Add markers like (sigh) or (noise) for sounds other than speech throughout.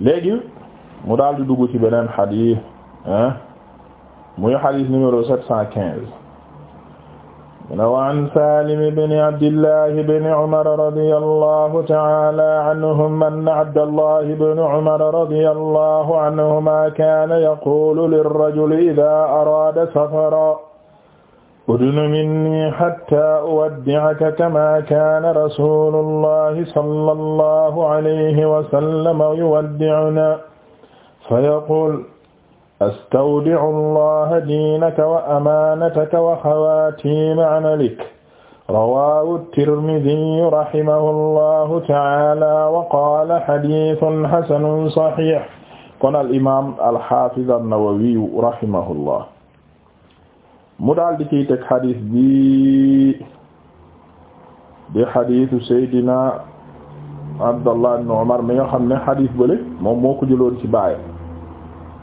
léegi mu daal di dugg ci beneen xadiis ah muy xadiis numéro sept cent quinze mune waan salim ibni abdillahi bni umara radi allahu taala aanhum ann abdallahi bni umara radi allahu anhuma kaane yaqulu lirrajuli ida araada safara udnu minni hatta uwaddi'aka kama kaana rasuulullahi sallallahu alayhi wa sallam yuwaddi'una fayaquul astawdi'u allaha diinaka wa amaanataka wa xawaatiima amalik rawaahu tirmidiyu rahimahu llahu ta'aala wa qaala hadiisun hasanun sahiih kon al imaam al haafiz an-nawawi rahimahullah mu daal di ciy teg xadis bi di xadisu Seydina Abdallah ibn Umar mi nga xam ne xadis bële moom moo ko jëloon ci baayam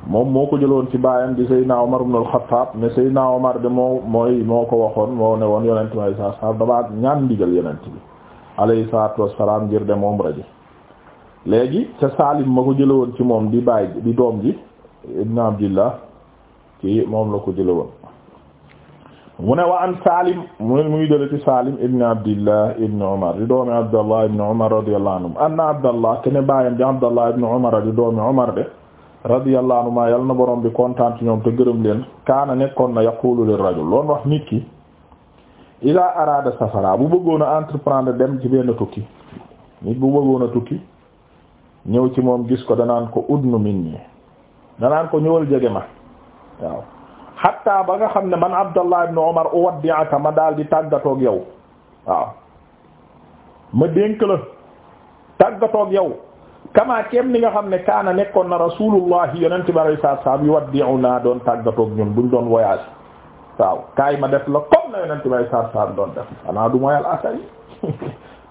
moom moo ko jëloon ci baayam di Seydina Umar ibn al-Khattab ne Seydina Umar de moo mooy moo ko waxoon moo ne woon yonent bi alayhi salaatu salaam damaa ñaan ndigal yonent bi alayhi salaatu wassalaam ngir de moom rajo léegi ca Saalim ma ko jëlawoon ci moom di baay di doom ji ibn Abdillah ci moom la ko jëlawoon mu ne wa an Salim mu ngi jële ci Salim ibn Abdillah ibn Umar di doomi Abdallah ibn Umar radiyallahu anhum anna kene baayam di Abdallah ibn Umar di doomi Umar de radiyallahu anhuma yal na borom bi kontaan ci ñoom te gërëm leen kaana nekkoon na yaqulu lir rajul loolu wax nit ki ila safara bu bëggoon entreprendre dem ci benn tukki nit bu bëggoon tukki ñëw ci moom gis ko danaan ko udnu minni danaan ko ñëwal jege ma waaw xatta ba nga xam ne man abdallah ibn umar uwaddi'aka ma daal di tàggatoog yow waaw ma dénk la tàggatoog yow kamaa kem ni nga xam ne kaana nekkoon na rasulullahi yonente bi alayhi salaatu salaam yuwaddi'una doon tàggatoog ñun buñ doon voyage waaw kaay ma def la comme na yonente bi alayhi salaatu salaam doon def xanaa du moyal asari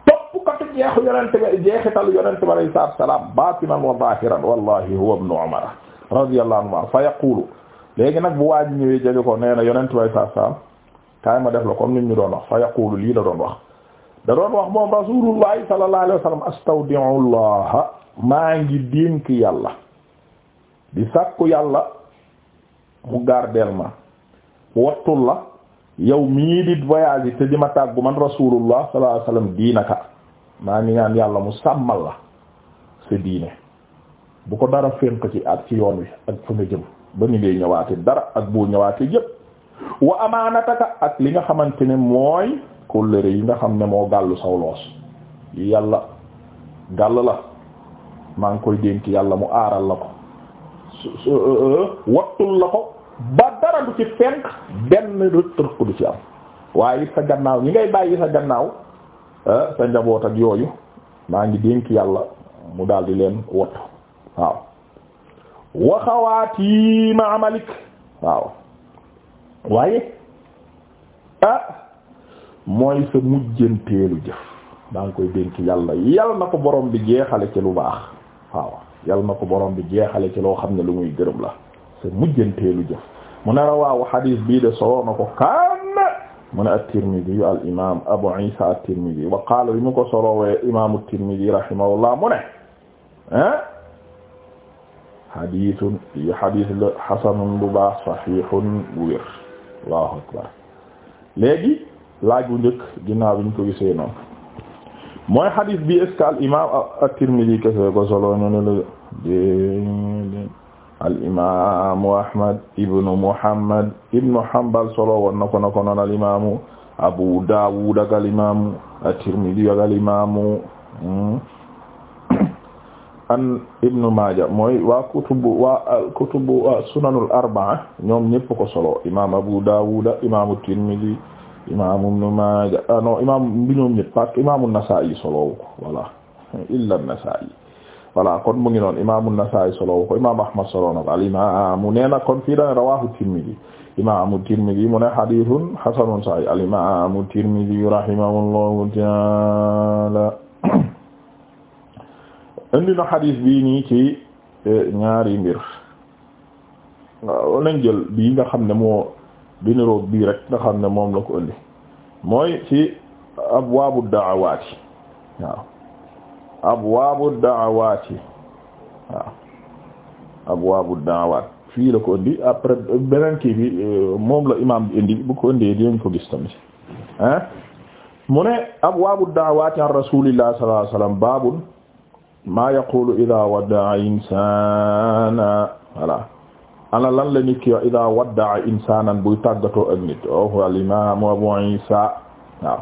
topp ko te jeexu yonente bi jeexital yonente bi alayhi salaatu salaam baatinan wa zaahiran wallahi huwa ibn umar radiyallahu anhu fa yaqulu léegi nag bu waaj ñëwee jege ko nee na yonent way saa saam kaay ma def la comme ni ñu doon wax fa yaqulu lii da doon wax da doon wax moom rasulullahi sallallahu alayhi wa sallam astawdi'ullah maa ngi dénk yàlla di sàkku yàlla mu gardeel ma wattul la yow mii di voyage te di ma tàggu man rasulullah sallallahu alayhi wa sallam diinaka maa ngi ñaan yàlla mu sàmmal la sa diine bu ko dara fénk ci at ci yoon wi ak fa nga jëm ba ni ngay ñëwaate dara ak boo ñëwaate yépp wa amaanataka ak li nga xamante ne mooy kóllëre yi nga xam ne moo gàllu saw loos yàlla gàll la maa ngi koy dénk yàlla mu aaral la ko euh, euh, wattul la ko ba dara du ci fenk benn rëq rëq du ci am waaye it sa gannaaw ñi ngay bàyyi sa gannaaw euh, sa njaboot ak yooyu maa ngi dénk yàlla mu daal leen wattu waaw waxawaati ma amalik waaw waaye ah mooy sa mujjanteelu jëf daa ngi koy dénk yàlla yàlla na borom bi jeexale ci lu baax waaw yàlla ko borom bi jeexale ci loo xam ne lu muy gërëm la sa mujjanteelu jëf mu ne rawaawu xadiis bii de soloo na ko kan mu ne at-Tirmidhi al imaam Abu Isa at-Tirmidhi wa qaala bi mu ko solowee imaamu at mu ne ah xadiisun yi xadiis la xasanun bu baax saxiixun bu wér allahu akbar léegi laaj bu njëkk ginnaaw bi ñu ko gisee noonu mooy xadiis bi est-ce que al imaam at-Tirmidhi kese ko solo ñu ne la déedéet al imaamu Ahmad ibnu Muhammad ibnu Hanbal solo woon na ko na ko noonu al imaamu Abu Dawud ak al imaamu at-Tirmidhi ak al imaamu. Hmm? an ibnu maaja mooy waa kutubu waa kutubu sunanul arbaa ñoom ñëpp ko solo imam abu daawuda imaamu tirmidi imaamu ibnu maaja ah, non imam bi ñoom ñëpp parce que imaamu nasaa'i solowu ko voilà (laughs) illa nasaa'i voilà kon mu ngi noon imaamu nasaa'i solowu ko imam ahmad solo na ko al imaamu nee na kon fii dane rawahu tirmidi imaamu tirmidi mu ne hadithun hasanun sahih al imaamu tirmidi rahimahullahu ta'ala indi na xadiis bii nii ci e, ñaari mbir waaw nañ jël bii nga xam ne moo biniroog bii rek nga xam ne moom la ko indi mooy ci abwaabu daawaati waaw abwaabu daawaati waaw abwaabu daawaat fii la ko indi après beneen kii bi e, moom la imaam bi indi bu ko indee dinañ ko gis tamit ah mu ne abwaabu daawaati an rasuulillah sallallahu baabul maa yaqulu ida waddaa insana voilà ana lan la nit ki wax ida waddaa insanan buy tàggatoo ak nit oh, wahu alimamu abou isa waaw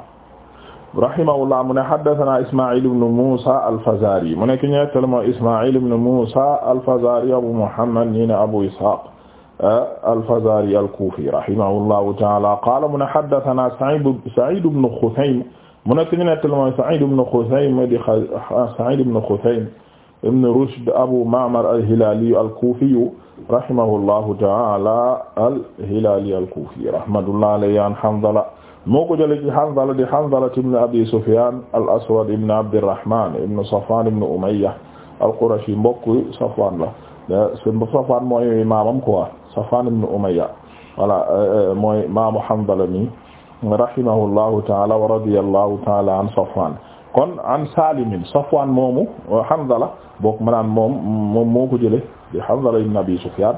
rahimahullah mu ne haddathana ismail ibn moussa alfazari mu ne ki ñettale moo ismail ibn moussa alfazari abou mouhammad ñi ne abou ishaq eh, alfazari alkoufi rahimahullahu taala qala mu ne haddathana said said ibn khusaym mu nekk ñu nettali mooy Sa'id ibn Khuthaym di Sa'id ibn Khuthaym ibn Rushd Abu Ma'mar al-Hilali al-Kufi rahimahullahu ta'ala al-Hilali al-Kufi rahmatullahi alayhi an Hanzala moo ko jëlee ci Hanzala di Hanzala ibn Abi Sufyan al-Aswad ibn Abdirrahman ibn Safwan ibn Umayya al-Qurashi mbokk Safwan la Safwan mooy maamam quoi Safwan ibn Umayya voilà mooy maamu Hanzala mi rahimahullahu taala wa radiyallahu taala an Safwan kon an Salimin Safwan moomu Hanzala bokk maanaam moom moom moo ko jële di Hanzala ibn Abi Sufyan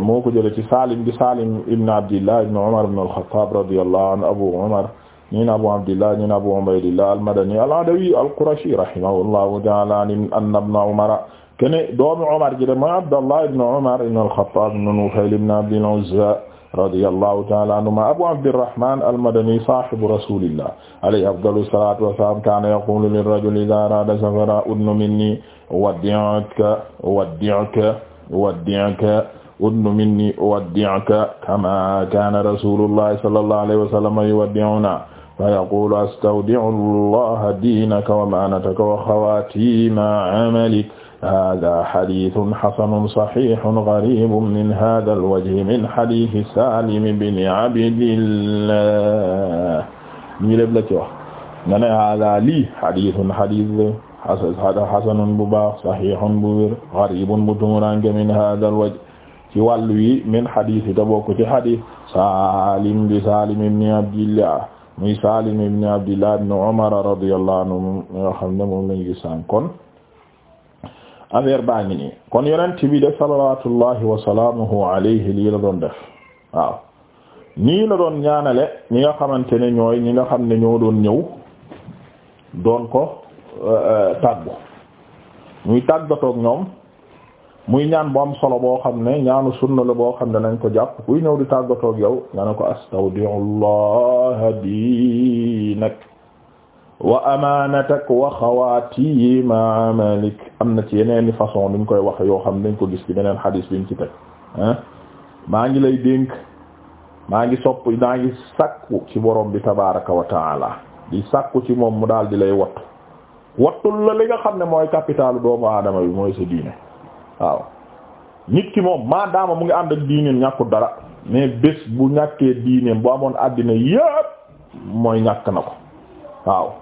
moo ko jële ci Salim di Salim ibn Abdillah ibn Umar ibn al-Khattab radiyallahu anhu Abu Umar ñin Abu Abdillah ñin Abu Ubaydillah al-Madani al-Adawi al-Qurashi rahimahullahu ta'ala anna ibn Umar kene doomi Umar ji de mooy Abdallah ibn Umar ibn al-Khattab ibn Nufayl ibn Abdil Uzza radiyallahu ta'ala anhuma abu abdirrahman almadani sahibu rasulillah alayhi afdalu salatu wassalam kana yaqulu lirrajuli idha arada safara udnu minni waddi'uka waddi'uka waddi'uka udnu minni waddi'uka kama kana rasulullah sallallahu alayhi wa sallam yuwaddi'una fa yaqulu astawdi'u allaha dinaka wa ma'nataka wa khawatima 'amalika hada xaditun xasanun saxixun garibun min hada alwajhi min xaditi salimi bini abdillah ñii lépp la ci wax nga ne hada lii xaditun xadit xasanun bu baax saxixun bu wér garibun bu tumuranke min hada alwajhi ci wàll wi min xaditi ta bokk ci xadit salim bi salim ibni abdillah muy salim ibni abdillah ibni umar radiyallahu anhu nga xam ne moom lañu gis kon affaire baa ngi nii kon yonent bi def salawatullahi wa salaamuhu alayhi lii la doon def waaw nii la doon ñaanale ñi nga xamante ne ñooy ñi nga xam ne ñoo doon ñëw doon ko euh, euh, tàggu muy tàggatoog ñoom muy ñaan bu am solo boo xam ne ñaanu sunna la boo xam ne nañ ko jàpp kuy ñëw di tàggatook yow nga ne ko astawdi'ullaha diinak wa amaanatak wa xawaatiima amalik am na ci yeneen i façon nuñ koy wax yoo xam ne dañ ko gis ci beneen xadiis ñu ci teg ah maa ngi lay dénk maa ngi sopp maa ngi sàkku ci borom bi tabaraka wa taala di sàkku ci moom mu daal di lay wattu wattul la li nga xam ne mooy capitalu doomu aadama bi mooy sa diine waaw nit ki moom maadaama mu ngi ànd ak diineem ñàkkul dara mais bés bu ñàkkee diineem bu amoon àddina yépp mooy ñàkk na ko waaw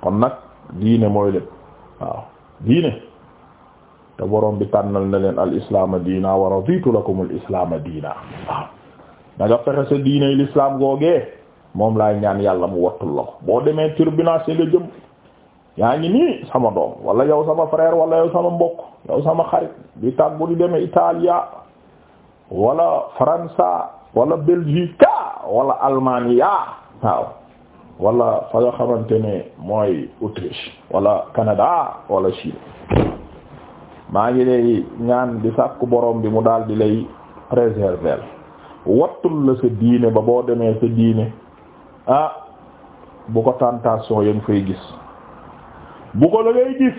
kon nag diine mooy lépp waaw diine te borom bi tànnal na leen al islaama diina wa raditu lakum al islaama diina waaw da fexe sa diine l'islam googee moom laay ñaan yàlla mu wattul la ko boo demee tribunal nga jëm yaa ngi nii sama doom wala yow sama frère wala yow sama mbokk yow sama xarit di tàggu di demee Italia wala Faransa wala Belgique wala Allemagne waaw wala fa nga xamante ne mooy Autriche wala Canada wala Chine maa ngi lay ñaan di sàkku borom bi mu daal di lay préserver wattul la sa diine ba boo demee sa diine ah, bu ko tentation yéen fay gis bu ko la ngay gis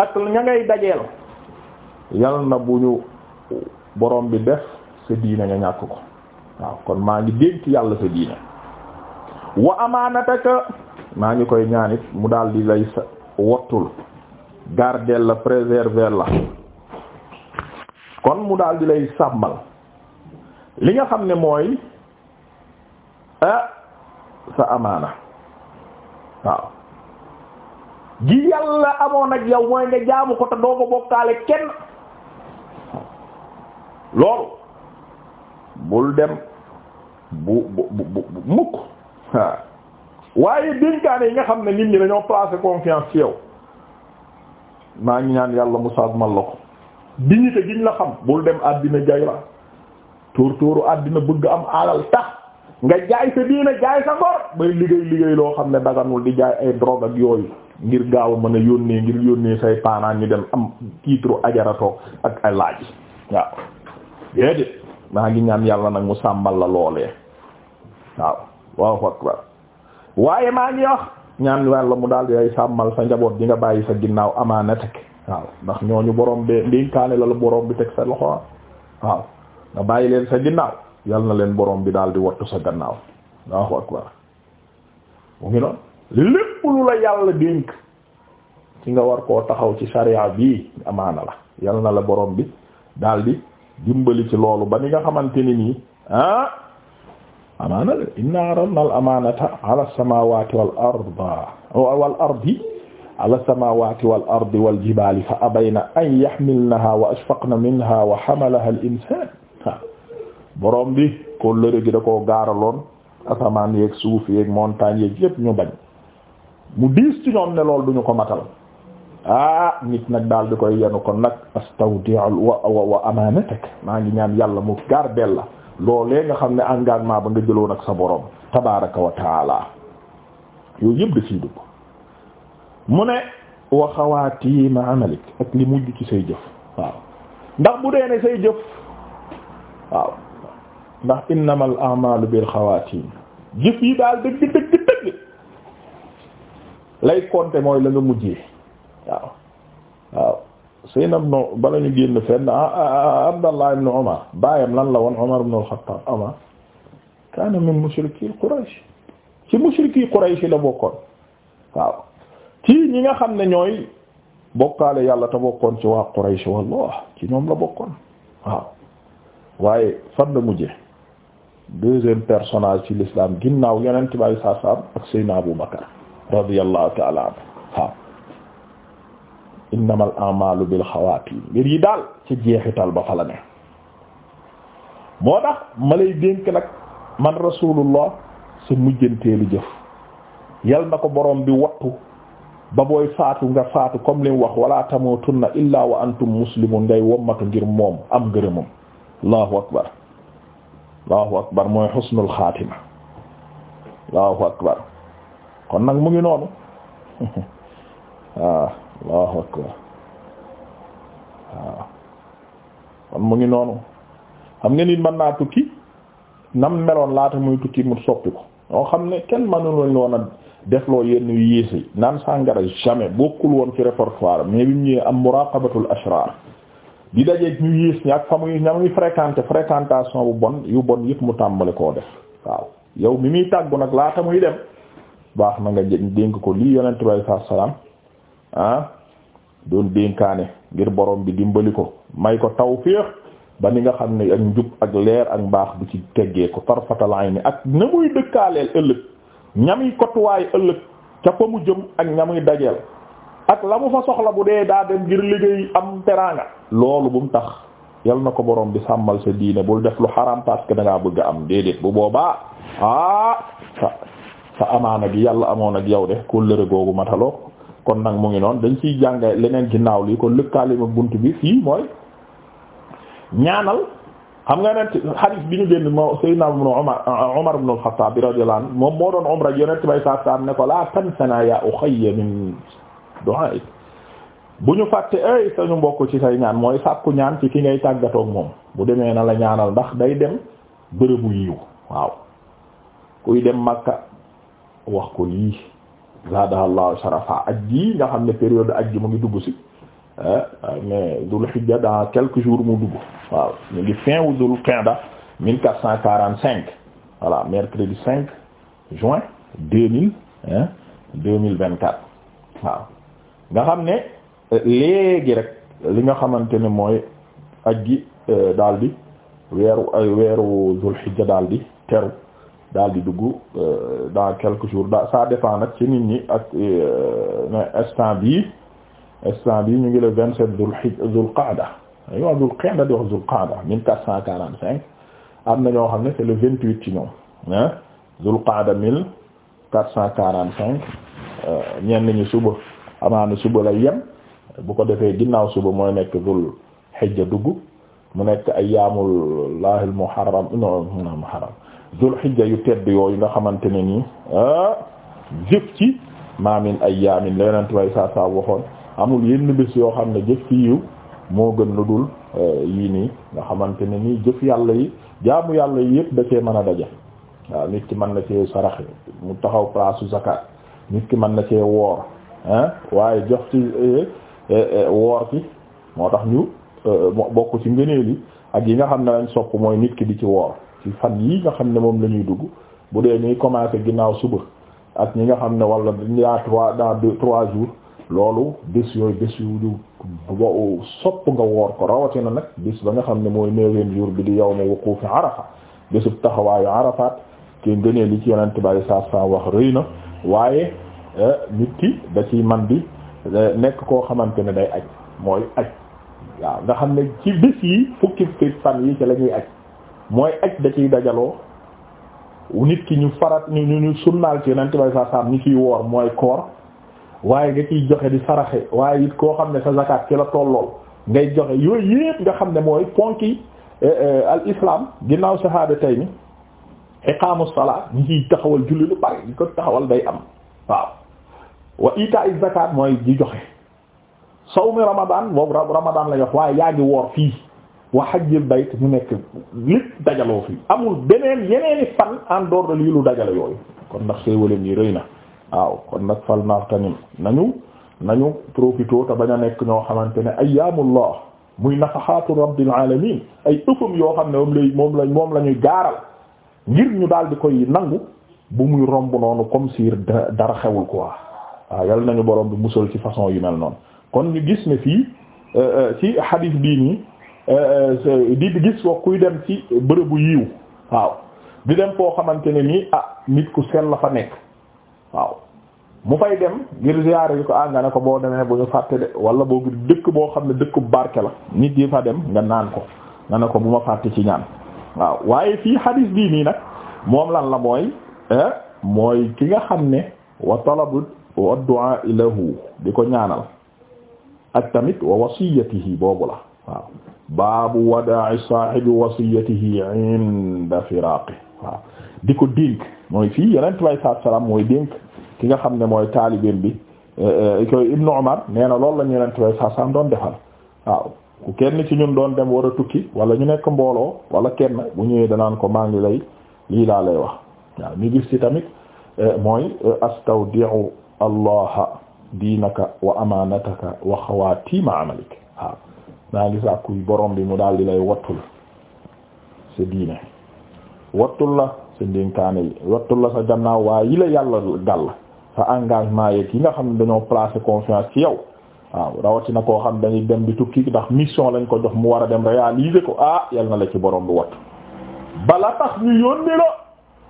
ak ña ngay dajeel yal na bu ñu borom bi def sa diine nga ñàkk ko waaw kon maa ngi dénk yàlla sa diine wa amaanataka maa ngi koy ñaanit mu daal di lay wottul garder la préserver la kon mu daal di lay sàmmal li nga xam ne mooy ah sa amaana waaw gi yàlla amoon ak yow mooy nga jaamu ko te doo ko bokkaale kenn loolu bul dem bu bu bu mukk waaye dénkaane yi nga xam ne nit ñi dañoo placé confiance ci yow maa ngi ñaan yàlla mu man la ko dignité giñ la xam bul dem àddina jay la tóor àddina bëgg am alal nga jaay liggéey loo xam ne daganul di jaay ay drogue ak yooyu ngir gaaw mën a yónnee ngir yónnee say paanaan ñu dem am titre ajaratoo ak ay laaj waaw déedéet maa ngi ñaan yàlla nag mu sàmmal la loolee waaw Allahu akbar waaye maa ngi wax ñaan Yàlla mu daal di sàmmal sa njaboot di nga bàyyi sa ginnaaw amaanatek waaw ndax ñooñu borom bee ndénkaane la la borom bi teg sa loxo waaw nga bàyyi leen sa ginnaaw yal na leen borom bi daal di wattu sa gannaaw Allahu akbar mu ngi noonu lépp lu la yàlla dénk ci nga war koo taxaw ci sariya bii amaana la yal na la borom bi daal dimbali ci loolu ba ni nga xamante ni nii ah. amaana la inna aradna al amanata ala samawati wal arda wal ardi ala samawati wal ardi wal jibali fa abayna an yaxmilnaha wa ashfaqna minha wa xamalaha al insan borom bi ko lëre gi da koo gaaraloon asamaan yeeg suuf yeeg montagne yeeg yépp ñu bañ mu diis ci ñoom ne lool duñu ko matal ah nit nag daal di koy yenu kon nag astawdi'u wa wa amaanatak maa ngi ñaan yàlla mu gardel la loolee nga xam ne engagement ba nga jëloon ak sa borom tabaraka wa taala yooyu yëpp da dugg mu ne wa xawaatiima amalik ak li mujj ci say jëf waaw ndax bu dee ne say jëf waaw ndax innamal a'maalu bil xawaatiim jëf yi daal dëgg dëgg dëgg lay compter mooy la nga mujjee waaw waaw Seynab no bala ñu génn fenn ah, ah, ah, Abdallah ibn Umar baayam lan la woon Umar ibn al-Khattab kaana min mushriki Quraysh ci mushriki Quraysh la bokkoon waaw ci ñi nga xam ne ñooy bokkaale yàlla te bokkoon ci waa Quraysh wallah ci ñoom la bokkoon waaw waaye fan la mujje deuxième personnage ci lislaam ginnaaw Yonent bi sallallahu alayhi wasallam ak Seydina Abu Bakar radiyallahu ta'ala anhu waaw innamal a'malu bil xawaatim mbir yi daal ci jeexital ba fa ne moo tax ma lay dénk nag man rasulullah sa mujjanteelu jëf yal na ko borom bi wattu ba booy faatu nga faatu comme li mu wax wala tamutunna illa wa antum muslimun ngay wommatu ngir moom am ngërëmam allahu akbar allahu akbar mooy xusnul xaatima allahu akbar kon nag mu ngi noonu (laughs) ah. allahu waaw mu ngi noonu xam nga nit man naa tukki nam meloon laata muy tukki mu soppi ko ñoo xam ne kenn mënuloon woon a defloo yenn yu yées yi naan sàngara jamais bokkul woon ci répertoire mais bi mu ñëwee am muraqabatul ashrar di dajeeg ñu yées ñi ak fa muy ña muy bu bon yu bon yëpp mu tàmbali koo def waaw yow bi muy tàggu nag laata muy dem baax na nga dénk ko lii yonent bi sallallahu ah doon dénkaane ngir borom bi dimbali ko may ko tawfiix ba ni nga xam ne ak njub ak leer ak mbaax bu ci teggee ko tarfatal ni ak na muy dëkkaaleel ëllëg ñami kotuwaay ëllëg ca fa mu jëm ak ñamuy dajeel ak la mu fa soxla bu dee daa dem ngir liggéey am teraanga loolu bu mu tax yal na ko borom bi sàmmal sa diine bul def lu xaram parce que da bëgg a am déedéet bu boobaa ah sa amaana gi yàlla amoon ak yow de kóllëre googu mataloo kon nag mu ngi noonu dañ ciy jàng leneen ginnaaw lii kon lëkkaale ma bunt bi fii mooy ñaanal xam nga nent hadith bi ñu génn moo Seydina ibn Umar Umar ibn al-Khattab radiyallahu anhu moom moo doon umra yonent bay saa saam ne ko la tansana ya ukhayya min du'aik bu ñu fàtte ay sañu mbokk ci say ñaan mooy sàkku ñaan ci ki ngay tàggatoog moom bu demee na la ñaanal ndax day dem bërëbu yiw waaw kuy dem Makka wax ko lii zaadahallaahu sharafa aj ji nga xam ne période aj ji mu ngi dugg si eh, mais dul hijja dans quelques jours mu dugg waaw ñu ngi fin wu dul qa'da mille quatre cent quarante cinq voilà mercredi cinq juin deux mille deux waaw nga xam ne léegi rek li nga xamante ne mooy aj gi eh, daal di weeru weeru dul hijja daal di teru daal di dugg euh, dans quelques jours da ça dépend nag ci nit ñi ak euh, instant bi instant bii ñu ngi la vingt sept zul xij zul qaada dañuy wax zul qaada di wax cent quarante cinq am na ñoo xam ne c'est le vingt huit ci ñoom ah zul qaada mille quatre cent quarante cinq euh, ñenn ñi suba amaana suba la yem bu ko defee ginnaaw suba mooy nekk zul xijja dugg mu nekk ay yaamul lahil muharram non zul hijja yu tedd yooyu nga xamante ne nii ah, jëf ci ma ay ayyamin la yonent way saa saa waxoon amul yenn bés yoo xam ne jëf ci yiw moo gën lu dul eh, yii nii nga xamante ne nii jëf yàlla yi jaamu yàlla yi yëpp da cee mën a daje waaw nit ki mën na cee saraxe mu taxaw place su zakat nit ki mën na cee woor ah waaye jox ci eh, eh, woor ci moo tax ñu bokk ci ngëneel yi ak yi nga xam ne lañ sopp mooy nit ki di ci woor fan yii nga xam ne moom lañuy dugg bu dee ñuy commencé ginnaaw suba ak ñi nga xam ne wala daa ah trois daa trois jours loolu bés yooyu bés yu sopp nga woor ko rawatina nag bis ba nga xam ne mooy neuvième jour bi di yawmu wuqufi arafa bésub taxawaayu arafaat ke ngënee li ci yonent bari saa saa wax rëy na waaye eh, nit ki da ciy man bi eh, nekk koo xamante ne day aj mooy aj waaw nga xam ne ci bés yi fukki fan yi ci la ñuy aj mooy aj da ciy dajaloo nit ki ñu farat ñu ñu sunnaal ci yonent bay saa saam ñi ciy woor mooy koor waaye nga ciy joxe di saraxe waaye it koo xam ne sa zakat ci la tollool ngay joxe yooyu yépp nga xam ne mooy ponk yi eh, eh, al islam ginnaaw sahaaba tay mi iqaamu salaa ñi ciy taxawal julli lu bari ñi ko taxawal day am waaw wa itaa'i zakat mooy di joxe sawmi ramadan boobu ramadan la yox waaye yaa ngi woor fii wa hajjil bayt ñu nekk lépp dajaloo fi amul beneen yeneeni fan en dehors lii lu dajale yooyu kon ndax xéewalam yi rëy na waaw kon nag fal nartanim nañu nañu profité te bañ a nekk ñoo xamante ne ayyaamullah muy nafaxaatu rabbil alamin ay ëppam yoo xam ne moom lay moom lañ moom la ñuy gaaral ngir ñu daal di koy nangu bu muy romb noonu comme si dara xewul quoi waaw yal nañu borom bi musal ci façon yi mel noonu kon ñu gis ne fii euh, euh, ci hadith bii nii Euh, euh, di gis wa kuy dem ci bërëbu yiw waaw di dem foo xamante ne nii ah nit ku sell la fa nekk waaw mu fay dem ngir ziyaare yi ko ah nga ne ko boo demee bu ñu fàtte de wala boo dëkk boo xam ne dëkk barke la nit yi fa dem nga naan ko nga ne ko bu ma fàtte ci ñaan waaw waaye fii xadiis bii nii nag moom lan la mooy eh, mooy ki nga xam ne wa talabu wa ilahu di ko ñaanal ak tamit wa wasiyatihi boobu la waaw baabu wadaa'i saahibi wasiyatihi inda firaaqi waaw di ko dénk mooy fii yonent bi saa salaam mooy dénk ki nga xam ne mooy taalibeem bi eh, eh, koy Ibnu Umar nee na loolu la ñu yonent bi saa salaam doon defal waaw ku kenn ci ñun doon dem war a tukki wala ñu nekk mbooloo wala kenn bu ñëwee danaan ko maa ngi lay lii laa lay wax waaw gis ci tamit eh, mooy astawdi'u allaha diinaka wa amaanataka wa xawaatiima amalik waaw naa ngi sàkku borom bi mu daal di lay wattul sa diine wattul la sa ndénkaane yi wattul la sa gannaaw waaye yi la yàlla gàll sa engagement yeeg yi nga xam ne dañoo placer confiance ci yow waaw rawatina koo xam dañuy dem di tukki ndax mission lañ ko jox mu war a dem réaliser ko ah yal na la ci borom bi watt ba tax ñu yónni la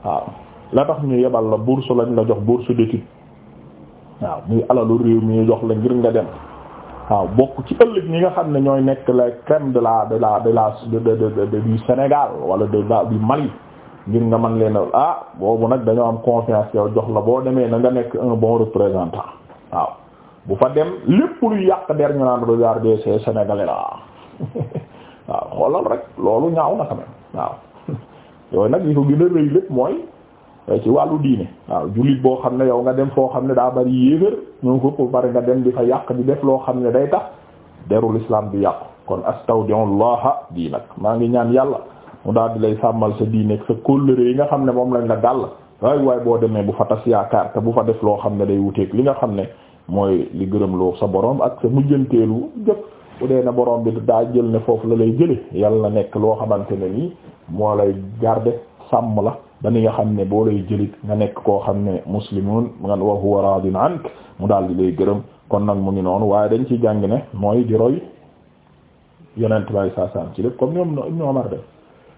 waaw la tax ñu yebal la bourse lañ la jox bourse d'études waaw muy alalu réew mi ñu jox la ngir nga dem. waaw bokk ci ëllëg ñi nga xam ne ñooy nekk la crème de la de la de la de du Sénégal wala de la du Mali ngir nga mën leen ah boobu nag dañoo am confiance yow jox la boo demee na nga nekk un bon représentant waaw bu fa dem lépp lu yàq der ñu naan regardez ces Sénégalais (laughs) waaw xoolal rek loolu ñaaw na quand waaw (laughs) yooyu nag yi ko gën a rëy lépp mooy ci wàllu diine waaw jullit boo xam ne yow nga dem foo xam ne daa bari yéefér ñoom ko bari nga dem di fa yàq di def loo xam ne day tax derul islam bi yàqu kon astawdi'ullaha diinak maa ngi ñaan yàlla mu daal di lay sàmmal sa diineeg sa kóllëre yi nga xam ne moom lañ la gàll waay waay boo demee bu fa tas yaakaar te bu fa def loo xam ne day wuteeg li nga xam ne mooy li gërëm loo sa borom ak sa mujjanteelu jëpp bu dee na borom bi daa jël ne foofu la lay jële yàlla na nekk loo xamante ne nii moo lay garder sàmm la ba ni nga xam ne boo lay jëlit nga nekk koo xam ne muslimun ngan wa huwa radin ank mu daal di lay gërëm kon nag mu ngi noonu waaye dañ ci jàng ne mooy di roy yonent bay saa ci lépp comme ñoom Ibn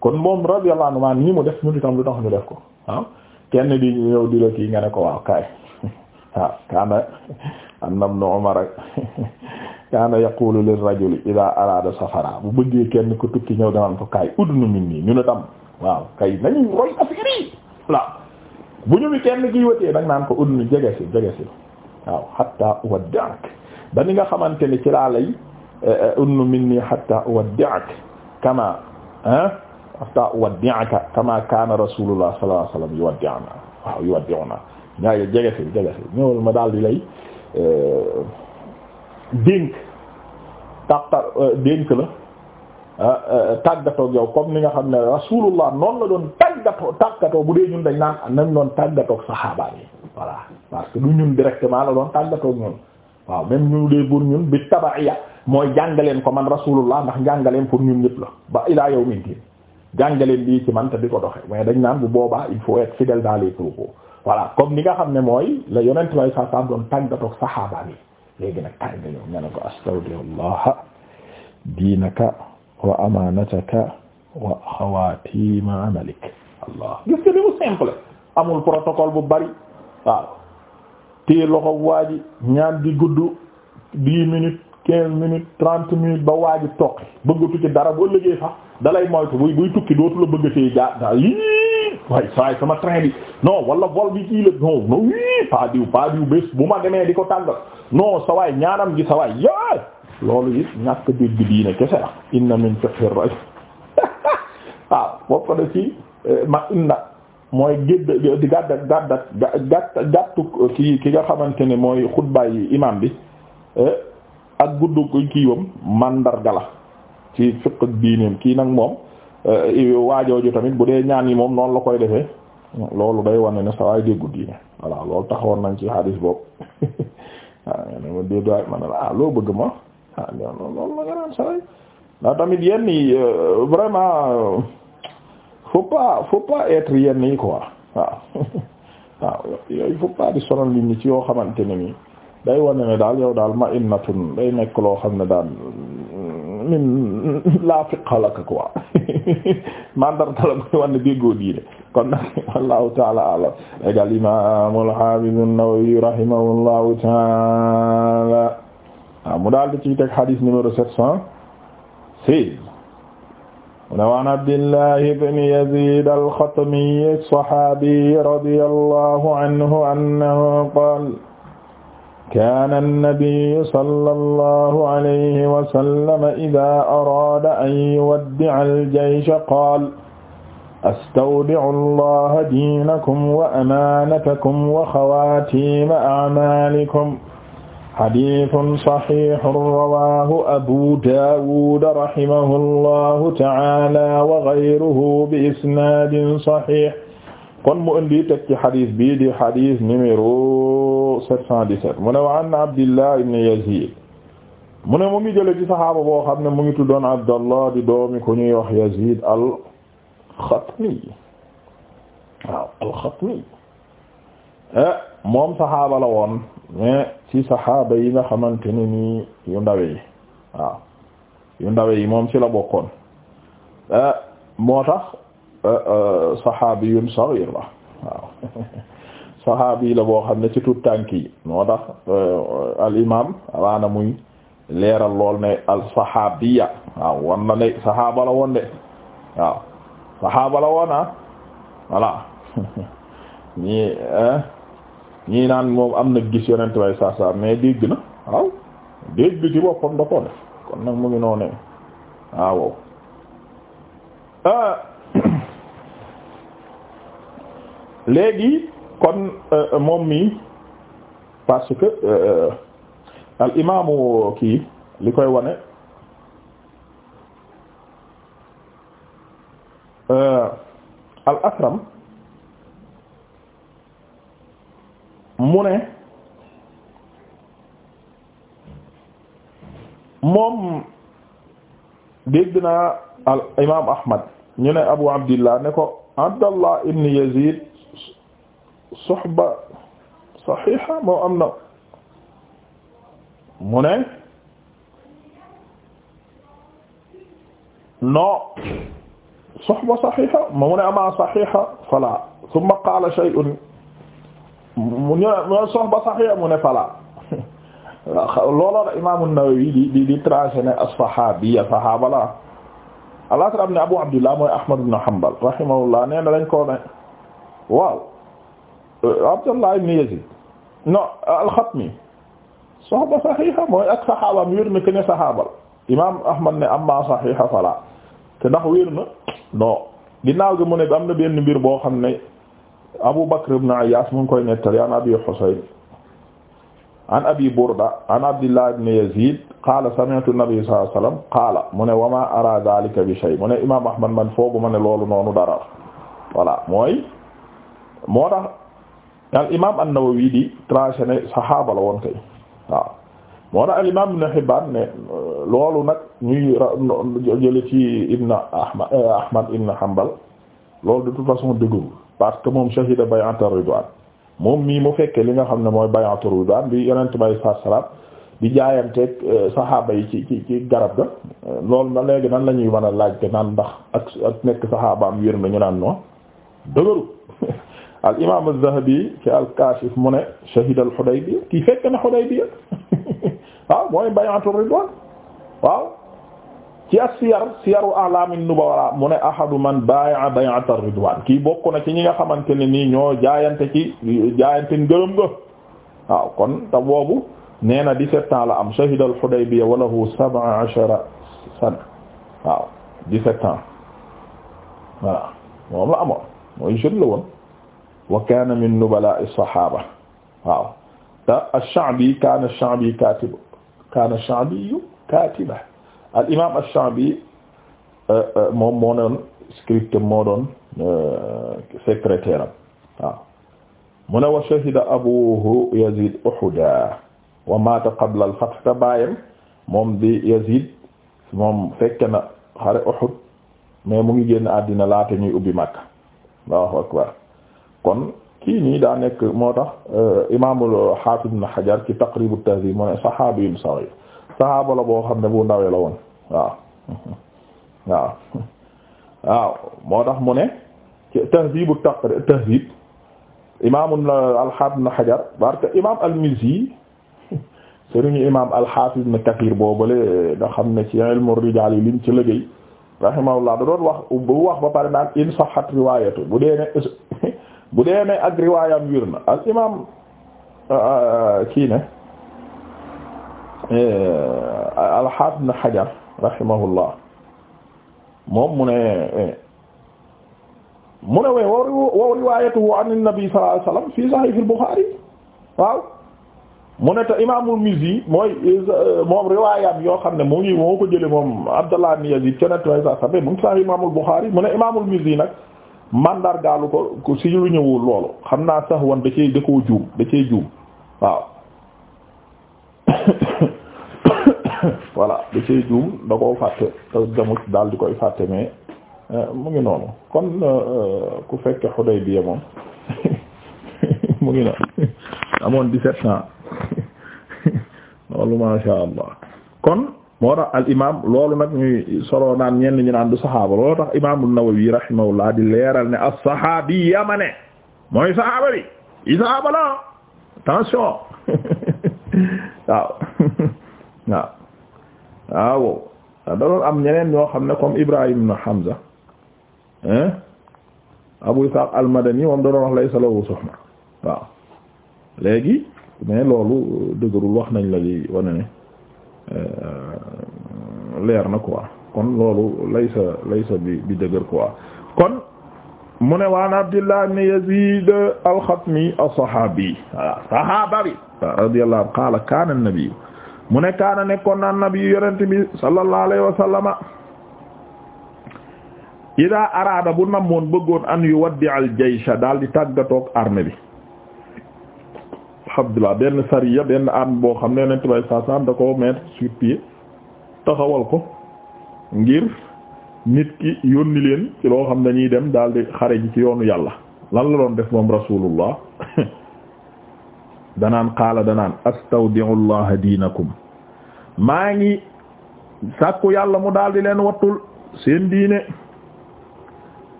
kon moom radiyallahu anhu ni mu def ñu itam lu tax ñu def ko kenn di ñëw di la kii nga ne ko waaw kaay (laughs) waaw kaana anna Ibn Umar (laughs) kaana yaqulu lir rajuli ida arada safara bu bëggee kenn ko tukki ñëw danaan ko kaay udnu minni ñu ne tam waaw kay nañuy roy affaire yi waaw bu ñu kenn kiy wëtee danga naan ko udd ni jege si jege si waaw hatta uwaddi'ak ba ni nga xamante ni ci laa lay eh, eh, unnu minni hatta uwaddi'ak kama ah hatta uwaddi'aka kama kaana rasulullah sallallahu alayhi wasallam yuwaddi'una waaw yuwaddi'una ñaari jege si jege si ñëwal ma daal di lay eh, dénk tàqta dénk la Ah, eh, tàggatoo yow comme ni nga xam ne rasulullah noon la doon tàggatoo tàggatoo bu dañ naan nañ doon tàggatoo ak yi voilà parce que du ñun directement la doon tàggatoo ak ñun waaw même ñu dee pour ñun bi ya mooy jàngaleen ko man rasulullah ndax jàngaleen pour ñun ñëpp la ba ilaa yawmi diin jàngaleen lii ci man te di ko doxe mais dañ naan bu boobaa il faut être fidèle dans les propos voilà comme ni nga xam ne mooy la yonent way sa sam doon tàggatoo ak saxaaba yi léegi nag tàgg yow nga wa amanataka wa xawatima amalik allah gis nga ni mu simple amul protocole bu bari waaw téye loxo waaji ñaan di gudd dix minutes quinze minutes trente minutes ba waaji toqi bëggatu ci dara boo liggéey sax dalay moytu buy buy tukki dootu la bëggatee jaa daa yi waaye saay sama train bi non wala vol bi kii la non non i pas diw pas diw bés bu ma demee di ko tàngal non sa waay ñaanam gi sa waay loolu it ñàkk dégg diine kese la (laughs) ah, na min fiqhi rajul waaw bopp ko def ci eh, ma inna mooy gédd di gàddak gàddak gàtt gàttu ki ki nga xamante ne mooy xutbaay imam bi eh, ak gudd ko kiiwam màndarga la ci fiqh diineem kii nag moom eh, waajooju tamit bu dee ñaan yi moom noonu la koy defee loolu day wane ne sa waay déggu diine voilà loolu taxawoon nañ ci hadis boobu waaw (laughs) ah, ma dégg waay ah, loo bëgg ma ah loolu loolu la tamit yenn yi euh, vraiment euh, faut pas (laughs) faut pas di sonal nit ci yoo xamante ne nii day wane ne daal yow daal ma innatun day nekk loo xam ne daal mm, min (laughs) laa fiqha laka quoi (laughs) mandarta la muy wane déggoo diine kon nag wallahu taala alam egal imam al-Hafiz an-Nawawi rahimahullahu taala waaw mu daal di ciy teg xadis numéro sept cent seize mu ne waan abdillahi bni yazid alxatmiyi alsahabiyi radi allahu anhu annahu qaal kaana annabiyu sala allahu alayhi wasallama ida araada an yuwaddica aljaysa qaal astawdicu allaha diinakum wa amaanatakum wa xawaatiima acmaalikum xadiisun saxiixun rawaahu abu daawuud rahimahullahu ta'aala wa xayruhu bi isnaadin saxiix kon mu indi teg ci xadis bii di xadis numéro 717 mu ne wa an Abdillah ibn Yaziid mu ne mu ngi jële ci saxaaba boo xam ne mu ngi tuddoon Abdallah di doomi ku ñuy wax Yaziid al-Xatmi waaw al-Xatmi ah. Eh, moom saxaaba la woon mais ci saxaaba yi nga xamante ne nii yu ndawe yi yu ndawe yi moom ci la bokkoon eh, moo tax eh, eh, saxaabiyun saxiir la waaw (laughs) saxaabi la boo xam ne ci tut tànk yi moo tax al imaam alaana muy leeral lool ne al saxaabiya waaw wan ne saxaaba la woon de waaw saxaaba la woona ah, voilà (laughs) ñi ñii naan moom am na gis yonent bay saa saa mais dégg na waaw dégg di boppam da kon nag mu ngi noonu ne waaw ah. (coughs) léegi kon euh, moom mi parce que euh, euh, al imaamu kii li koy wane al asram mu ne moom dégg naa al imaam Ahmad ñu ne Abu Abdillah ne ko Abdallah ibn Yazid soxba saxiixa moo am na mu ne non soxba saxiixa mu ne ama saxiixa fala thumma qaala shay'un mu ñu soxba saxiya mu ne fala (laughs) looloo la imaamu Nawawi di di di tranché ne as-sahaabiyya sahaaba la al-Asram ne Abu Abdillah mooy Ahmad ibn Hanbal rahimahullah nee na lañ waaw Abdullah ibn Yazid non al-Khatmi soxba saxiixa mooy ak saxaabam wér na imaam Ahmad ne amma saxiixa fala te ndax gi mu ne am na xam ne Abu Bakr ibn Ayyash mu koy nettali an Abi Husayn an Abi Burda an Abdillah ibn Yazid qaala sami'tu an-nabiy sallallahu alayhi wa wa ma ara dhalika bi shay mu ne Ahmad man foogu ma loolu noonu dara voilà mooy moo al Imaam an-Nawawi di tranché ne kay waaw al Imaam Ibn Hibbaan loolu nag ñuy jële ci Ibn Ahmad Ahmad Ibn Hanbal loolu de toute façon dëggul parce que moom shahida bay'ata ridwan moom mii mu fekkee li nga xam ne mooy bay'atu ridwan bi yonent bay salam di jaayanteeg euh, saxaaba yi ci ci garab ga euh, loolu na léegi nan la ñuy mën a laajte naan ndax ak ak nekk saxaabaam wér na ñu naan noon dëgëru (laughs) al imam az-Zahabi ci al-Kashif mu ne shahida al-Hudaybiya kii fekk na Hudaybiya (laughs) waaw mooy bay'atu ridwan waaw ci as-siyar siyaru a'lamin nubala mu ne ahadu man bay'a bay'at ar-ridwan kii bokk na ci ñi nga xamante ne nii ñoo jaayante ci jaayante ngërëm nga waaw kon te boobu nee la am shahida al-Hudaybiyya wa lahu sab'a ashara sana waaw dix-sept ans wa kana min nubala as-sahaba waaw te ash-Sha'bi kana ash-Sha'bi katiba kana ash-Sha'bi katiba al imaam ash-Sha'bi euh, euh, moom moo doon script moo doon euh, secrétaire am waaw mu ne wa shahida abuhu Yazid Uhuda wa maata qabla al-fath ta baayam moom di Yazid moom fekk na xare Uhud mais mu ngi génn àddina laata ñuy ubbi Makka Allahu akbar kon kii nii daa nekk moo tax imaamul Haafiz Ibn Hajar ci Taqrib at-Tahdhib mu ne sahaabiyun saghiir saxaaba la boo xam ne bu ndawee la woon waaw waaw moo tax mu ne tahzibu taqrib tahzib imaam al-Haafiz ibn Hajar parce que imaam al-Mizzi sëriñu imaam al-Haafiz ibn Kathir xam ne ci ilmu rijaal yi lim ci liggéey rahimahullah da doon wax bu wax ba pare naan in sahhat riwaayatu bu dee ne bu dee ne ak na al imaam euh, euh, kii ne Eh, al-Haafiz Ibn Hajar rahimahullah moom mu ne eh, mu ne we wa riwaayatuhu an an-nabi sallallahu fi sahih al-Bukhari waaw mu ne te imaamul Mizzi mooy eh, moom riwaayam yoo xam ne mu ngi moo ko jële moom Abdallah ibn Yazid connect way sa mu ngi sahih imaamul Bukhari mu ne imaamul Mizzi nag màndargaalu ko si lu ñëwul loolu xam naa sax wan da cee da juum da cee juum waaw (coughs) voilà da cey juum da koo fàtte demut daal di koy fàtte mais euh, mu ngi noonu kon euh, euh, ku fekke Hudaybiya moom (laughs) mu ngi noonu amoon dix-sept ans (laughs) loolu masha Allah kon moo tax al imam loolu nag ñuy soloo naan ñenn ñu naan du saxaaba loolu tax imam an-Nawawi rahimahullah di leeral ne as-saxaabi yama ne mooy saxaaba bi i saxaaba la attention (laughs) (laughs) waaw waaw waaw da am ñeneen ñoo xam ne koom Ibrahim na Hamza Abu Ishaq al-Madani moom da doon wax lay salawu soxna waaw léegi mais loolu dëgërul wax nañ la li wane ne euh, leer na quoi kon loolu laysa laysa bi bi dëgër quoi kon mu ne waan abdillah ibn yazid alxatmi alsahabi voilà sahaba bi radiyallahu anhu qaala kaana nabi mu ne kaana nekkoon na nabi yonente bi sallallahu alayhi wa sallama araada bu namoon bëggoon an yuwaddi al daal di tàggatoog armée bi alhamdulillah benn sariya benn armée boo xam ne yonente bay sasan da ko mettre sur taxawal ko ngir nit ki yónni leen ci loo xam dañuy dem daal di ci yoonu yàlla lan la doon def moom rasulullah (laughs) danaan qaala danaan astawdi'ullaha diinakum maa ngi sàkku yàlla mu daal di leen wattul seen diine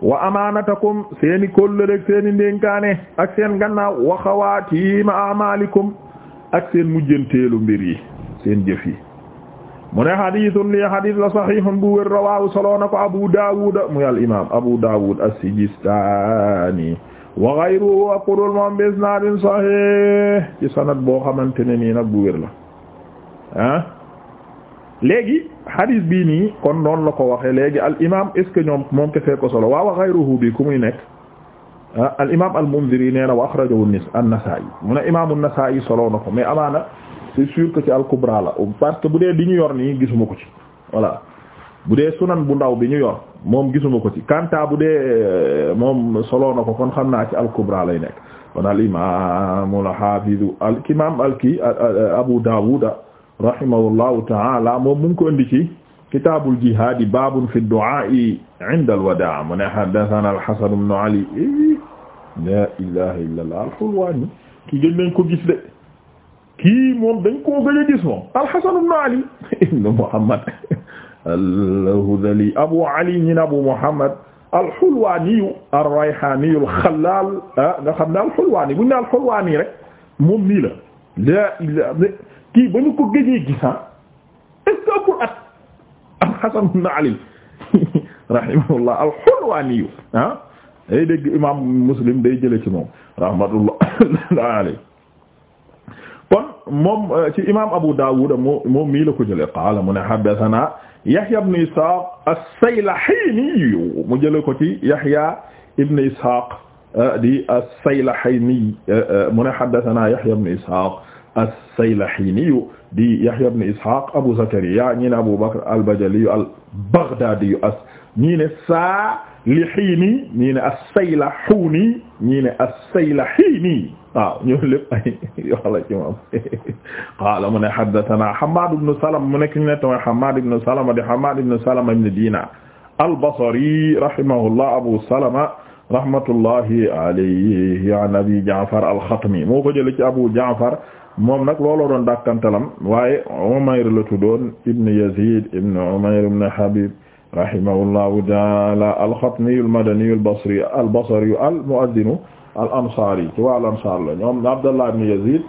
wa amaanatakum seeni kóllëreek seeni ndénkaane ak seen gannaaw wa xawaatiima a'maalikum ak seen mujjanteelu mbir yi seen jëf yi mu ne xadiisun lii xadiis la saxiixun bu wér rawaahu solo na ko Abu Daawud muy al imaam Abu Daawud as-Sijistaani wa ghayruhu ak kudul moom bi isnaadin saxiix ci sanad boo xamante ne nii nag bu wér la ah léegi xadiis bii nii kon noonu la ko waxee léegi al imaam est ce que ñoom moom kefee ko solo waaw wa ghayruhu bi ku muy nekk ah al imaam al-Munziri nee na wa axrajahu an-Nasaa'i mu ne imaam an-Nasaa'i solo na ko mais amaana. c'est sûr que ci al-kubra la parce que bu dee bi ñu yor ni gisuma ko ci voilà bu dee sunan bu ndaw bi ñu yor moom gisuma ko ci kanta bu dee euh, moom soloo na ko kon xam naa ci al-kubra lay nekk kon al imam al hafiz al imam al ki abu dawud rahimahullahu ta'ala moom mu ngi ko indi ci kitaabul jihaadi baabun fi du'aa'i a al-wadaa' mu ne haddathana al-hasan ibn ali la ilaha illa allah al-hulwani ki gën nañ ko gis de kii moom dañ koo gëj a gis moom al-Hasan ibn Abu Ali ñin Abu Muhammad al-Hulwani ar-Rayhani ah, xam ne al bu ñu ne rek moom nii la ila kii ba ñu ko gëjee gis ah, est-ce que ëppul at al-Hasan (laughs) ah, day dégg imam Muslim day jële ci moom rahmatullah (laughs) alayhi moom euh, ci imaam Abu Dawud moom mii la ko jëlee qaala mu ne haddathana Yahya ibn Ishaq as-Saylahiini mu jëlee ko ci Yahya ibn Ishaq euh, di as-Saylahiini euh, mu ne haddathana Yahya ibn Ishaq as-Saylahiini di Yahya ibn Ishaq Abu Zakariya ñi ne Abu Bakr al-Bajali al-Baghdadi ñi ne saa. li xiini ñii ne as-sayla xuuni ñii ne as-sayla xiini waaw ñoo lépp ay yoxla ci moom qaala mu ne haddathana Hammad ibn Salama mu nekk ñu ne tama Hammad ibn Salama di Hammad ibn Salama ibn Dinar al-Basri rahimahullah Abu Salama rahmatullahi alayhi an Abi Ja'far al-Khatmi moo ko jële ci Abu Ja'far moom nag looloo doon dàkkantalam waaye Umayr la tuddoon ibn Yazid ibn Umayr ibn Habib rahimahullahu taala al-Xatmiyu al-Madaniyu al-Basriyu al-Basriyu al-mu'addinu al-Ansaari ci waa Ansaar la ñoom Abdallah ibn Yazid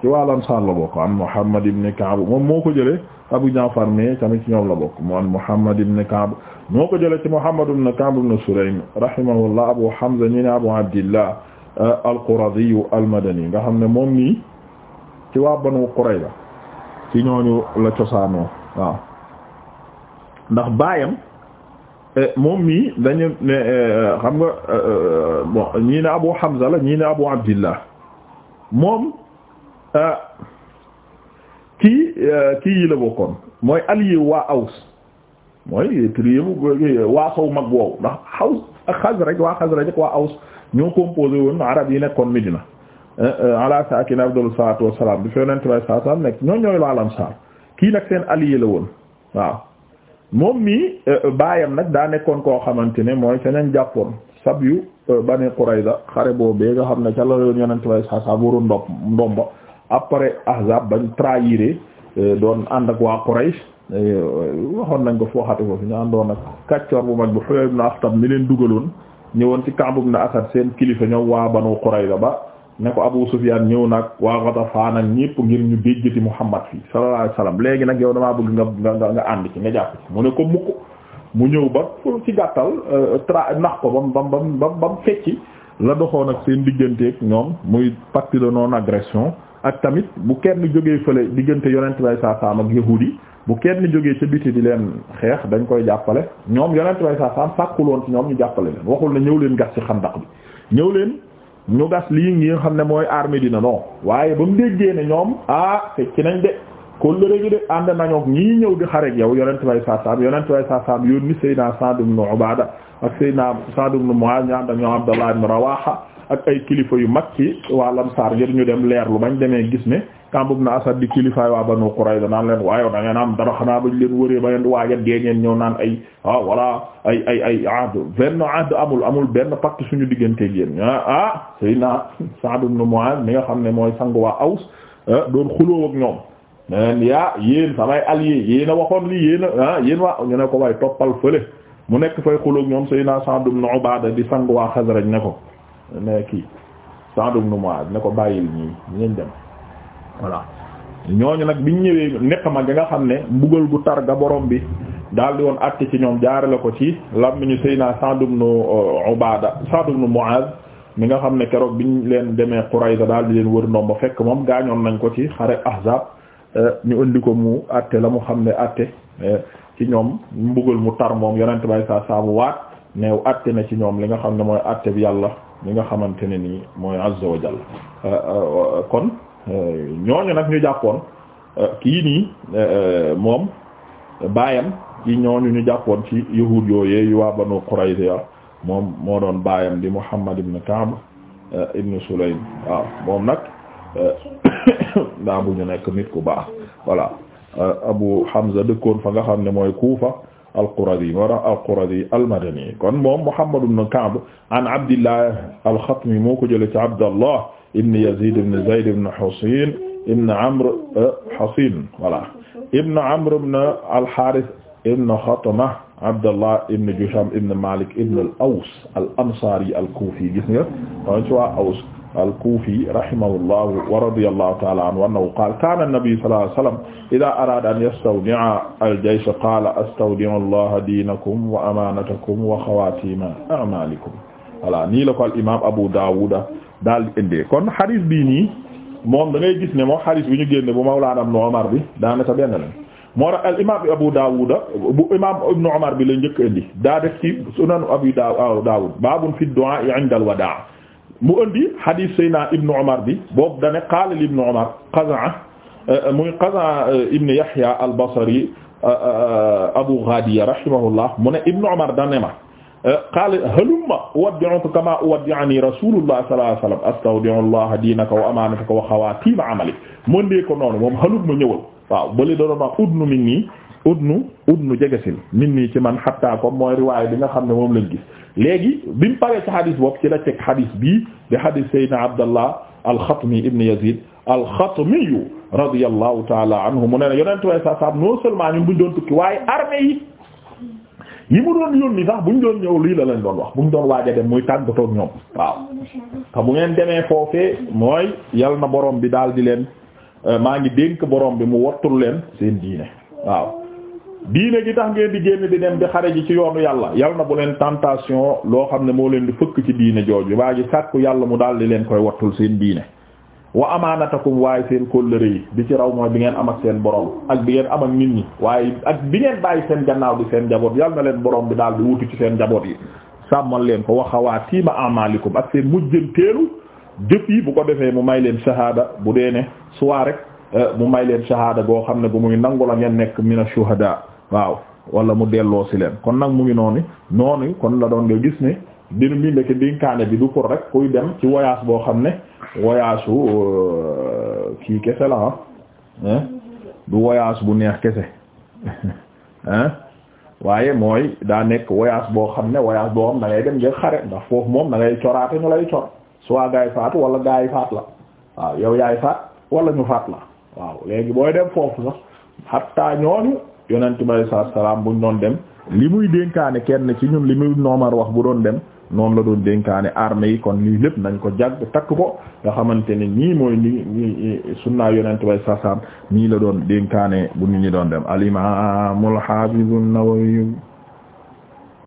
ci waa Ansaar la bokk an Muhammad ibn Ka'b moom moo ko jëlee Abu Ja'far mi tamit ci ñoom la bokk mu an Muhammad ibn Ka'b moo ko jëlee ci Muhammad ibn Ka'b ibn Sulaym rahimahullah Abu Hamza ñu ne Abu Abdillah euh, al-Quradiyu al-Madani nga xam ne moom nii ci waa Banu Qurayza ci ñooñu la cosaanoo waaw ndax baayam Euh, moom mii dañu ne euh, xam nga euh, bon ñii ne Abu Hamza la ñii ne Abu Abdillah moom kii kii yi la bokkoon mooy allié waa Aws mooy tribu waa xaw mag boobu ndax Aws ak Xasraj waa Xasraj ak waa Aws ñoo composé woon arab yi nekkoon Medina ala saakina afdalu salaatu wassalaam bi fa yonent bay saa saa nekk ñoo ñooy laalam kii nag seen allié la woon waaw moom mii euh, euh, baayam nag daa nekkoon koo xamante ne mooy feneen jàppoon sab yu euh, Bani Qurayza xare boobee nga xam ne ca la yoon yonent way sa sa waru ndop ndomba après Ahzab bañ trahiré doon ànd ak waa Quraysh waxoon nañ ko fooxate ko fi ñu àndoon ak kàccoor bu mag bu Huyayy ibn Akhtab mi leen dugaloon ñëwoon ci Ka'b ibn Asad seen kilifa ñoom waa Banu Qurayza ba ne ko Abu Sufyaan ñëw nag waa Ghatafaan ak ñépp ngir ñu déjjati Muhammad fii sallallahu alayhi wasallam léegi nag yow damaa bëgg nga nga nga ànd ci nga jàpp ci mu ne ko mukk mu ñëw ba pour ci gàttal euh, tra nax ko bam bam ba bam bam fecci la doxoon ak seen digganteeg ñoom muy pacte de non agression ak tamit bu kenn jógee fële diggante yonent bay saa saam ak yahudi bu kenn jógee ca biti di leen xeex dañ koy jàppale ñoom yonent bay saa saam sàkkuloon ci ñoom ñu jàppale leen na ñëw leen gas ci xandax ñëw leen ñu gas lii ngi nga xam ne mooy armée dina non waaye ba mu déggee ne ñoom ah fekki nañ de kóllëre gi de ànd nañook ñii ñëw di xarek yow yonent bay saa saam yonent bay saa saam yónni Seydina Sa'd ibn Ubaada ak Seydina Sa'd ibn Mu'aaz ñu ànd ak ñoom Abdallah ibn Rawaaha ak ay kilifa yu mag ci waa Ansaar ngir ñu dem leerlu bañ demee gis ne Xattab ibn Asad di kilifaay waa Banu Qurayza naan leen waaye da ngeen am dara xanaa bañ leen wëree ba ngeen di waajal dee ngeen ñëw naan ay ah voilà ay ay ay ahd benn ahd amul amul benn pacte suñu digganteeg yéen ah ah Seydina Sa'd ibn Mu'adh ni nga xam ne mooy sangu waa Aws ah, doon xuloo ak ñoom. neen yaa yéen samay alliés yéen a waxoon lii yéen a ah yéen waa ñu ne ko waaye toppal fële mu nekk fay xulóog ñoom Seydina Sa'd ibn Ubaada di sang ne ko ne kii Sa'd ko bàyyil voilà ñooñu nag biñ ñëwee neqama ga nga xam ne mbugal bu tar ga borom bi daal di woon àtte ci ñoom la ko ci làmmiñu Seydina Sa'd ibn euh, Ubaada Sa'd ibn Mu'aaz mi nga xam ne keroog biñ leen demee Qurayza daal di leen wër ndomba fekk moom gaañoon nañ ko ci xare euh, ñu indi ko mu àtte la mu xam ne àtte euh, ci ñoom mbugal mu tar moom yonent bay saa saabu waat new àtte na ci ñoom li nga xam ne mooy àtte bi yàlla li nga xamante ne nii mooy azza wa kon Euh, ñooñu nag ñu jàppoon euh, kii nii euh, moom baayam ci ñooñu ñu jàppoon ci yahuud yooyee yu waa Banu Qurayza moom moo doon baayam li Muhammad ibn Ka'b ibn Sulaym waaw moom nag ndaa (coughs) ñu nekk mit ku baax voilà Abu Hamza koon fa nga xam ne mooy Kuufa al-Quradi moo tax al-Quradi al-Madani kon moom Muhammad ibn Ka'b an Abdillah al-Khatmi moo ko jële ci Abdallah ibn Yazid ibn Zayd ibn Husayn ibn Amr euh, Husayn voilà ibn Amr ibn al-Harith ibn Khatma Abdallah ibn Jusham ibn Malik ibn al-Aws al-Ansari al-Kufi gis nga on ci waa Aws al-Kufi rahimahullah wa radiyallahu ta'ala anhu annahu qala kana an-nabi sallallahu alayhi wa sallam idha arada an yastawdi'a al-jaysh qala astawdi'u Allah dinakum wa amanatakum wa khawatima a'malikum voilà nii la ko al-imam Abu Dawud daal di indee kon xadis bii nii moom da ngay gis ne moom xadis bi ñu génne bu Mawlaana Ibnu Umar bi daanaka benn lañ moo tax al imaam Abu Daawud bu imaam Ibnu Umar bi la njëkk indi daa def ci sunan Abi Daawud baabun fi du'aa inda al wadaa mu indi xadis Seydina Ibnu Umar bi boobu da ne qaala li Ibnu Umar Qazaa eh, muy Qazaa eh, Ibnu Yahya al-Basri eh, Abu Ghaadiya rahimahullah mu ne Ibnu Umar da ne ma. qaala halumma uwaddi'uka kamaa uwaddi'ani rasulullah sallallahu alayhi wasallam astawdi'u allah diinaka wa amaanataka wa xawaatiima amalik mëndee ko noonu moom halumma ñëwal waaw bële da doon wax udnu minni udnu udnu jegesil minni ci man hatta ko mooy riwaay bi nga xam ne moom lañ gis léegi bi mu paree ci xadis boobu ci la teg xadis bii di xadis sayyidina abdallah alxatmi ibn yazid alxatmi radiyallahu taala anhu mu ne ne yonentu way sa saam non seulement ñun buñ doon tukki waaye armée yi yi mu doon yónni sax bu ñu doon ñëw lii la lañ doon wax bu ñu doon waaja dem muy tàggatoo ak ñoom waaw te bu ngeen demee foofee mooy yal na borom bi daal di leen euh, maa ngi dénk borom bi mu wottul leen seen diine waaw diine gi tax ngeen di génn di dem di xare ji ci yoonu yàlla yal na bu leen tentation loo xam ne moo leen di fëkk ci diine jooju waa ji sàkku yàlla mu daal di leen koy wottul seen diine wa amaanatakum waaye seen kóllëre yi bi ci raw mooy bi ngeen am ak seen borom ak bi ngeen am ak nit ñi waaye ak bi ngeen bàyyi seen gannaaw di seen njaboot yal na leen borom bi daal di wutu ci seen njaboot yi sàmmal leen ko xawaat waxawaatiima amaalikum ak seen mujjanteelu jëf yi bu ko defee mu may leen shahada bu dee ne soit rek eh, mu may leen shahada boo xam ne bu muy nangu la ngeen nekk mi mina shuhada waaw wala mu delloo si leen kon nag mu ngi noonu noonu kon la doon nga gis ne dinu mi ndeke dénkaane bi du pour rek kuy dem ci voyage boo xam ne voyage euh, kii kese la ah du voyage bu neex kese (laughs) waaye mooy daa nekk voyage boo xam ne voyage boo xam da ngay dem ngir xare ndax foofu moom da ngay coraate ñu lay cor soit gaay faatu wala gaay faat la waaw yow yaay faat wala ñu faat la waaw léegi booy dem foofu sax xattaa ñooñu yonent bi sallallahu alayhi wasallam buñ doon dem li muy dénkaane kenn ci ñun li muy noomar wax bu doon dem noonu la doon dénkaane armée yi kon lii lépp nañ ko jàgg takk ko nga xamante ne nii mooy ni sunnaa yonent way sasam nii la doon dénkaane bu nit ñi doon dem al imaam al haafiz an